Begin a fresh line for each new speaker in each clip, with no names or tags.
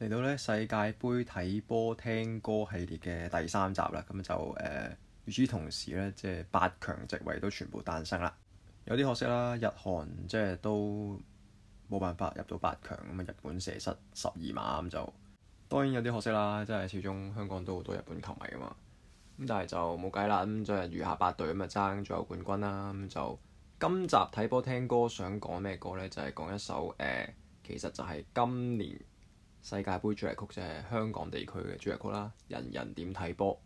嚟到咧世界盃睇波聽歌系列嘅第三集啦，咁就誒、呃。與此同時咧，即係八強席位都全部誕生啦。有啲可惜啦，日韓即係都冇辦法入到八強咁啊。日本射失十二碼咁就當然有啲可惜啦，即係始終香港都好多日本球迷啊嘛。咁但係就冇計啦。咁就係餘下八隊咁啊，爭最後冠軍啦。咁就今集睇波聽歌想講咩歌咧？就係、是、講一首誒、呃，其實就係今年。世界盃主題曲就係香港地區嘅主題曲啦，人人點睇波。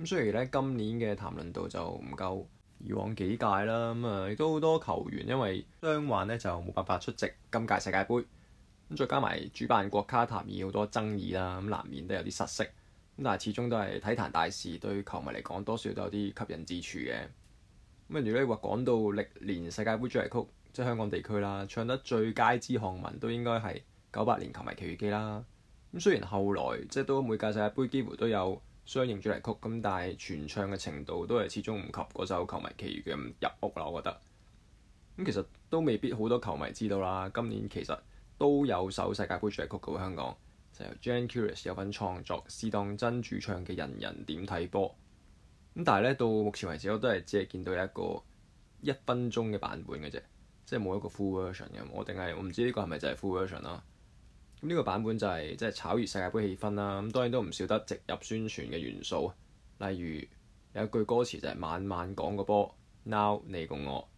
咁雖然咧，今年嘅談論度就唔夠以往幾屆啦，咁啊亦都好多球員因為傷患咧就冇辦法出席今屆世界盃。咁再加埋主辦國卡塔爾好多爭議啦，咁難免都有啲失色。咁但係始終都係體壇大事，對球迷嚟講多少都有啲吸引之處嘅。咁如果你話講到歷年世界盃主題曲，即係香港地區啦，唱得最佳之項文都應該係九八年球迷奇遇記啦，咁雖然後來即係都每屆世界盃幾乎都有相應主題曲，咁但係全唱嘅程度都係始終唔及嗰首《球迷奇遇》嘅入屋啦。我覺得咁、嗯、其實都未必好多球迷知道啦。今年其實都有首世界盃主題曲嘅喎，香港就由 Jan Curious 有份創作，試當真主唱嘅《人人點睇波》嗯。咁但係咧，到目前為止我都係只係見到一個一分鐘嘅版本嘅啫，即係冇一個 full version 嘅我，定係我唔知呢個係咪就係 full version 啦。嗯。呢個版本就係、是、即係炒熱世界盃氣氛啦、啊，咁當然都唔少得植入宣傳嘅元素，例如有一句歌詞就係、是、晚晚講個波，Now 你共我，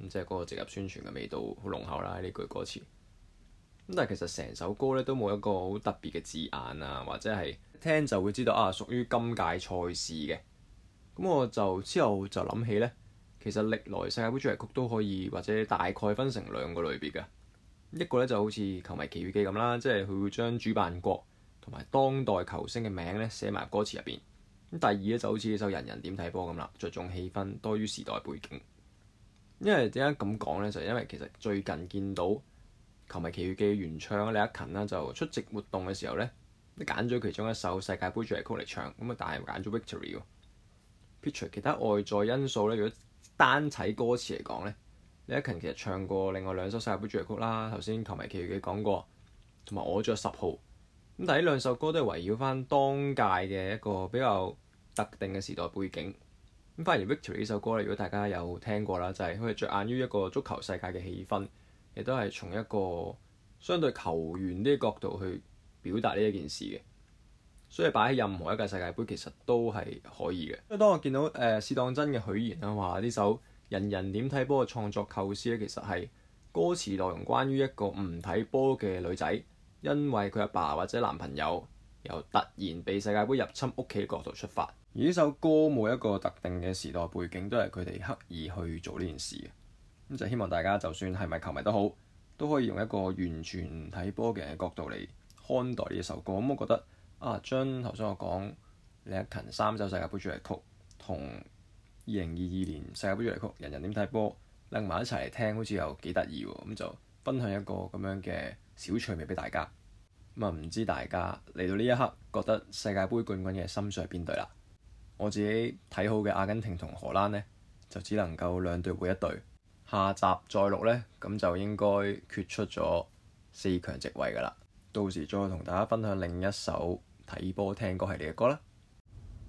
咁即係嗰個植入宣傳嘅味道好濃厚啦、啊。呢句歌詞，咁但係其實成首歌咧都冇一個好特別嘅字眼啊，或者係聽就會知道啊屬於今屆賽事嘅。咁我就之後就諗起咧，其實歷來世界盃主題曲都可以或者大概分成兩個類別嘅。一個咧就好似《球迷奇遇記》咁啦，即係佢會將主辦國同埋當代球星嘅名咧寫埋入歌詞入邊。咁第二咧就好似呢首《人人點睇波》咁啦，着重氣氛多於時代背景。因為點解咁講咧？就係因為其實最近見到《球迷奇遇記》原唱李克勤啦，就出席活動嘅時候咧，都揀咗其中一首世界盃主題曲嚟唱。咁啊，但係揀咗 Victory 喎。Picture 其他外在因素咧，如果單睇歌詞嚟講咧。李克勤其實唱過另外兩首世界盃主題曲啦，頭先同埋奇遇記講過，同埋我着十號。咁但係呢兩首歌都係圍繞翻當屆嘅一個比較特定嘅時代背景。咁反而 Victory 呢首歌咧，如果大家有聽過啦，就係佢係着眼於一個足球世界嘅氣氛，亦都係從一個相對球員呢個角度去表達呢一件事嘅。所以擺喺任何一個世界盃其實都係可以嘅。因當我見到誒試、呃、當真嘅許賢啦，話呢首。人人點睇波嘅創作構思咧，其實係歌詞內容關於一個唔睇波嘅女仔，因為佢阿爸，爸或者男朋友由突然被世界盃入侵屋企角度出發，而呢首歌冇一個特定嘅時代背景，都係佢哋刻意去做呢件事嘅。咁就希望大家就算係咪球迷都好，都可以用一個完全唔睇波嘅人嘅角度嚟看待呢首歌。咁我覺得啊，將頭先我講李克勤三首世界盃主題曲同二零二二年世界杯主題曲，人人點睇波，拎埋一齊嚟聽，好似又幾得意喎。咁就分享一個咁樣嘅小趣味畀大家。咁啊，唔知大家嚟到呢一刻，覺得世界盃冠軍嘅心水係邊隊啦？我自己睇好嘅阿根廷同荷蘭呢，就只能夠兩隊會一隊。下集再錄呢，咁就應該決出咗四強席位㗎啦。到時再同大家分享另一首睇波聽歌系列嘅歌啦。